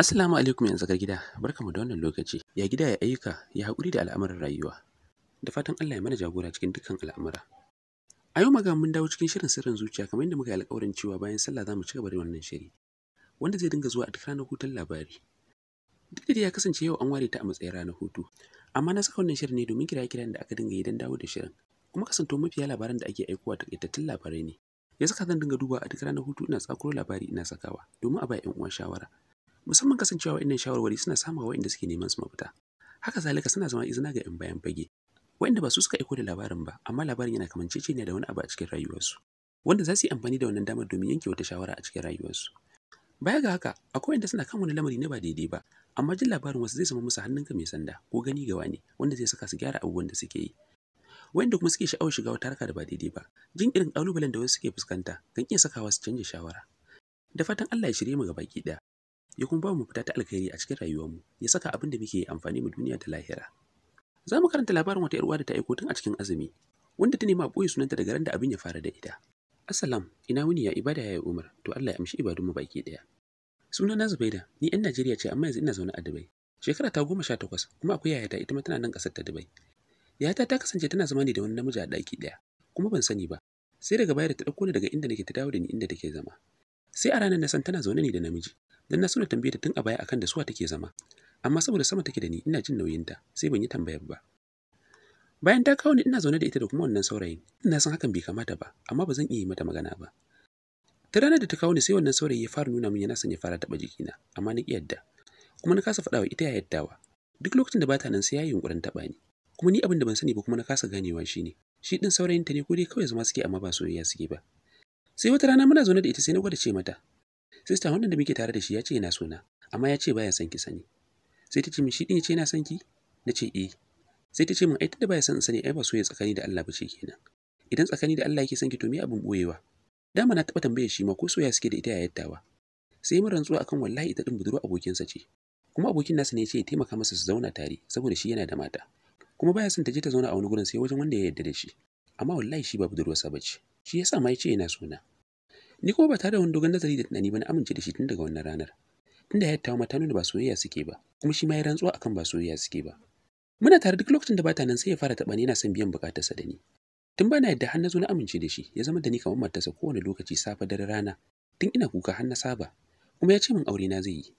Assalamu alaikum yanzu ga gida, barkamu da wannan lokaci. Ya gida ya ayyuka, ya haƙuri da al'amuran rayuwa. Da fatan Allah ya mana jagora cikin dukkan al'amura. A yau Maganin mun dawo cikin shirin sirrin zuciya kamar yadda muka yi alƙawarin cewa bayan sallah za mu ci gaba da wannan shiri. Wanda zai dinga zuwa a duk ranar hutun labari. Duk da ya kasance yau an ware ta a matsayin ranar hutu, Amma na saka wannan shirin ne domin kira-kiran da aka dinga yi don dawo da shirin. Kuma kasanto mafiya labaran da ake aikowa ƙetattun labarai ne. Ya saka zan dinga duba a duk ranar hutu ina tsakuro labari ina sakawa domin a ba 'yan uwan shawara. Musamman kasancewa wa'annan shawarwari suna samawa waɗanda suke neman su mafita. Haka zalika suna zama izina ga 'yan bayan fage. Waɗanda ba su suka aiko da labarin ba, amma labarin yana ne da wani abu a cikin rayuwarsu. Wanda za su yi amfani da wannan damar domin yanke wata shawara a cikin rayuwarsu. Baya ga haka, akwai wanda suna kan wani lamari na ba daidai ba, amma jin labarin wasu zai zama musu hannunka mai sanda ko gani ga wani wanda zai saka su gyara abubuwan da suke yi. Wanda kuma suke sha'awar shiga wata harka da ba daidai ba, jin irin kalubalen da wasu suke fuskanta kan iya sakawa su canja shawara. Da fatan Allah ya shirye mu gaba ki ɗaya, ya kuma ba mu fita ta alkhairi a cikin rayuwar mu, ya saka abin da muke amfani mu duniya ta lahira. Za mu karanta labarin wata yaruwa da ta aiko tun a cikin azumi, wanda ta nema a ɓoye sunanta da garin da abin ya fara da ita. Assalam, ina wuni ya ibada ya Umar, to Allah ya amshi ibadunmu baki ɗaya. Suna na Zubaida, ni ‘yan Najeriya ce amma yanzu ina zaune a Dubai. Shekara ta goma sha takwas, kuma akwai yayata ita ma tana nan ƙasar ta Dubai. Yayata ta kasance tana zama ne da wani namiji a ɗaki ɗaya, kuma ban sani ba. Sai daga baya da ta ɗauko ni daga inda nake ta dawo da ni inda take zama. Sai a ranar na san tana zaune ne da namiji, dan na so na tambaye ta tun a baya akan da suwa take zama. Amma saboda sama take da ni ina jin nauyin ta, sai ban yi tambayar ba. bayan ta kawo ni ina zaune da ita da kuma wannan saurayin ina san hakan bai kamata ba amma ba zan iya yi mata magana ba ta ranar da ta kawo ni sai wannan saurayi ya fara nuna min yana son ya fara taɓa jikina amma na ƙi yadda kuma na kasa faɗawa ita ya yaddawa duk lokacin da ba ta nan sai ya yi yunƙurin taɓa ni kuma ni abin da ban sani ba kuma na kasa ganewa shi ne. shi ɗin saurayin ta ne ko dai kawai zama suke amma ba soyayya suke ba sai wata rana muna zaune da ita sai na gwada ce mata sista wannan da muke tare da shi ya ce yana sona amma ya ce baya son ki sani sai ta ce min shi ɗin ya ce yana son ki na ce eh sai ta ce min ai tunda baya son in sani ai ba soyayya tsakani da Allah bace kenan idan tsakani da Allah yake son ki to me abin boyewa dama na taba tambayar shi ma ko soyayya suke da ita ya yattawa sai mun rantsuwa akan wallahi ita din budurwa abokinsa ce kuma abokin nasa ne ya ce ya taimaka masa su zauna tare saboda shi yana da mata kuma baya son ta je ta zauna a wani gurin sai wajen wanda ya yarda da shi amma wallahi shi ba budurwarsa bace shi yasa ma ya ce yana sona ni kuma ba tare da wani dogon nazari da tunani ba na amince da shi tun daga wannan ranar tunda ya tawo mata nuna ba soyayya suke ba kuma shi ma ya rantsuwa akan ba soyayya suke ba Muna tare duk lokacin da bata nan sai ya fara taɓa ni yana son biyan buƙatarsa da ni. Tun bana yadda har na zo na amince da shi ya zama da ni kamar matarsa kowane lokaci safe dare rana tun ina kuka har na saba kuma ya ce min aure na zai yi.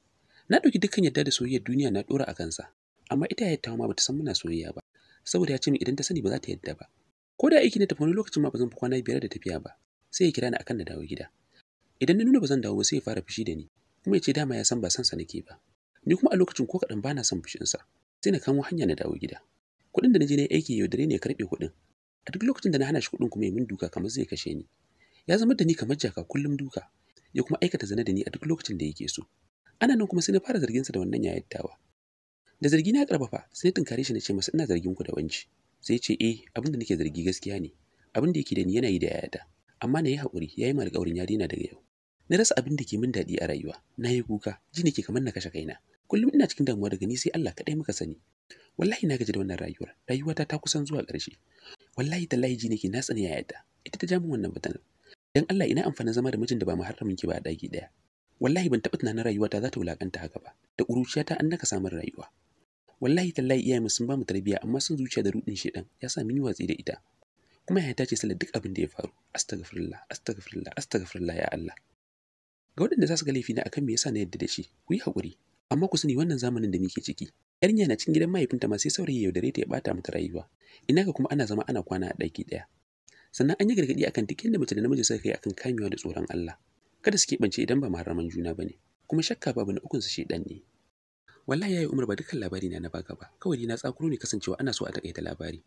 Na ɗauki dukkan yadda da soyayyar duniya na ɗora a kansa amma ita ya yadda ma bata san muna soyayya ba saboda ya ce min idan ta sani ba za ta yadda ba. Ko da aiki na tafi wani lokacin ma ba zan fi kwana biyar da tafiya ba sai ya kira ni akan na dawo gida. Idan na nuna ba zan dawo ba sai ya fara fushi da ni kuma ya ce dama ya san ba san sa nake ba. Ni kuma a lokacin ko kaɗan bana son fushinsa. sai na kamo hanya na dawo gida kuɗin da na je na aiki yaudare ne ya karɓe kuɗin a duk lokacin da na hana shi kuɗin kuma ya min duka kamar zai kashe ni ya zama da ni kamar jaka kullum duka ya kuma aikata zane da ni a duk lokacin da yake so ana nan kuma sai na fara zargin sa da wannan yayattawa. da zargi na karfafa sai na tunkare shi na ce masa ina zargin ku da wanci sai ya ce eh abin da nake zargi gaskiya ne abin da yake da ni yana yi da yayata amma na yi haƙuri ya yi alƙawarin ya daina daga yau na rasa abin da ke min daɗi a rayuwa na yi kuka ji nake kamar na kashe kaina kullum ina cikin damuwa daga ni sai Allah kaɗai muka sani wallahi na gaji da wannan rayuwar rayuwata ta kusan zuwa ƙarshe wallahi da ji nake na tsani yadda ita ta ja min wannan batanar dan Allah ina amfanin zama da mijin da ba harramin ki ba a daki daya wallahi ban taɓa tunanin rayuwata za ta wulakanta haka ba da ta an naka samun rayuwa wallahi tallahi iyayenmu sun ba mu tarbiyya amma sun zuciya da rudin shedan ya sa mini watsi da ita kuma ya tace sallar duk abin da ya faru astaghfirullah astaghfirullah astaghfirullah ya Allah ga waɗanda za su ga laifina akan me yasa na yadda da shi ku yi haƙuri Amma ku sani wannan zamanin da muke ciki, yarinya na cikin gidan mahaifinta ma sai saurayi yaudare ta ya bata mata rayuwa. Ina ga kuma ana zama ana kwana a ɗaki ɗaya. Sannan an yi gargaɗi akan duk da mace da namiji suka kai akan kamewa da tsoron Allah. Kada su keɓance idan ba maharaman juna ba ne, kuma shakka babu na su shaiɗan ne. Wallahi yayi Umar ba dukkan labari na na baka ba, kawai na tsakuro ne kasancewa ana so a takaita labari.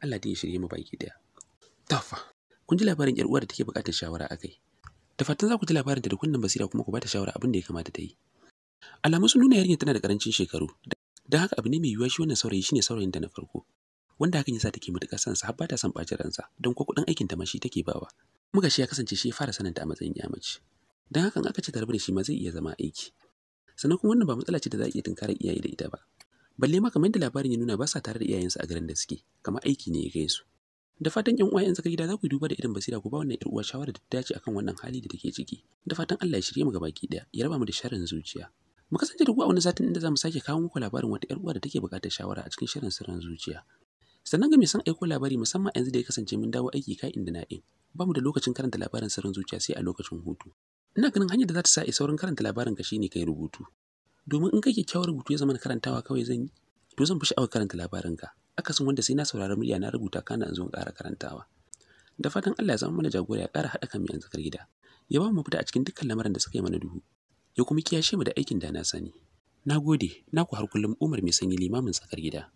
Allah dai ya shirye mu baki ɗaya. Tafa. Kun ji labarin 'yar uwar da take buƙatar shawara akai. Da za ku ji labarin da kunnen basira kuma ku ba ta shawara abin da ya kamata ta yi. Alamun sun nuna yarinyar tana da ƙarancin shekaru, don haka abu ne mai yiwuwa shi wannan saurayi shine saurayin saurayinta na farko. Wanda hakan yasa take mutuƙar son sa har ba ta son ɓacin ransa, don ko kuɗin ta ma shi take bawa. Muka shi ya kasance shi ya fara sananta a matsayin yamaci. Don hakan aka ce ta rabu da shi ma zai iya zama aiki. Sannan kuma wannan ba matsala ce da za a iya tunkarar iyaye da ita ba. Balle ma kamar yadda labarin ya nuna ba sa tare da iyayensu a garin da suke, kamar aiki ne ya kai su. da fatan yan uwayen yan gida za ku duba da irin basira ku ba wannan yar uwa shawara da ta dace akan wannan hali da take ciki da fatan Allah ya shirye mu gabaki daya ya raba mu da sharrin zuciya mu kasance da ku a wani satin inda za mu sake kawo muku labarin wata 'yar uwa da take buƙatar shawara a cikin shirin sirrin zuciya sannan ga mai son aiko labari musamman yanzu da ya kasance mun dawo aiki ka inda na'in ba mu da lokacin karanta labarin sirrin zuciya sai a lokacin hutu ina ganin hanyar da za ta sa a saurin karanta labarin ka shine kai rubutu domin in kai kyakkyawar rubutu ya zama karantawa kawai zan yi to zan fi sha'awar karanta labarin ka akasin wanda sai na saurari murya na rubuta kana in zo in ƙara karantawa da fatan Allah ya zama mana jagora ya ƙara haɗa kan mu yanzu gida ya ba mu mafita a cikin dukkan lamarin da suka yi mana duhu ya kuma kiyashe mu da aikin da na sani. Na gode, naku har kullum Umar mai sanyi limamin tsakar gida.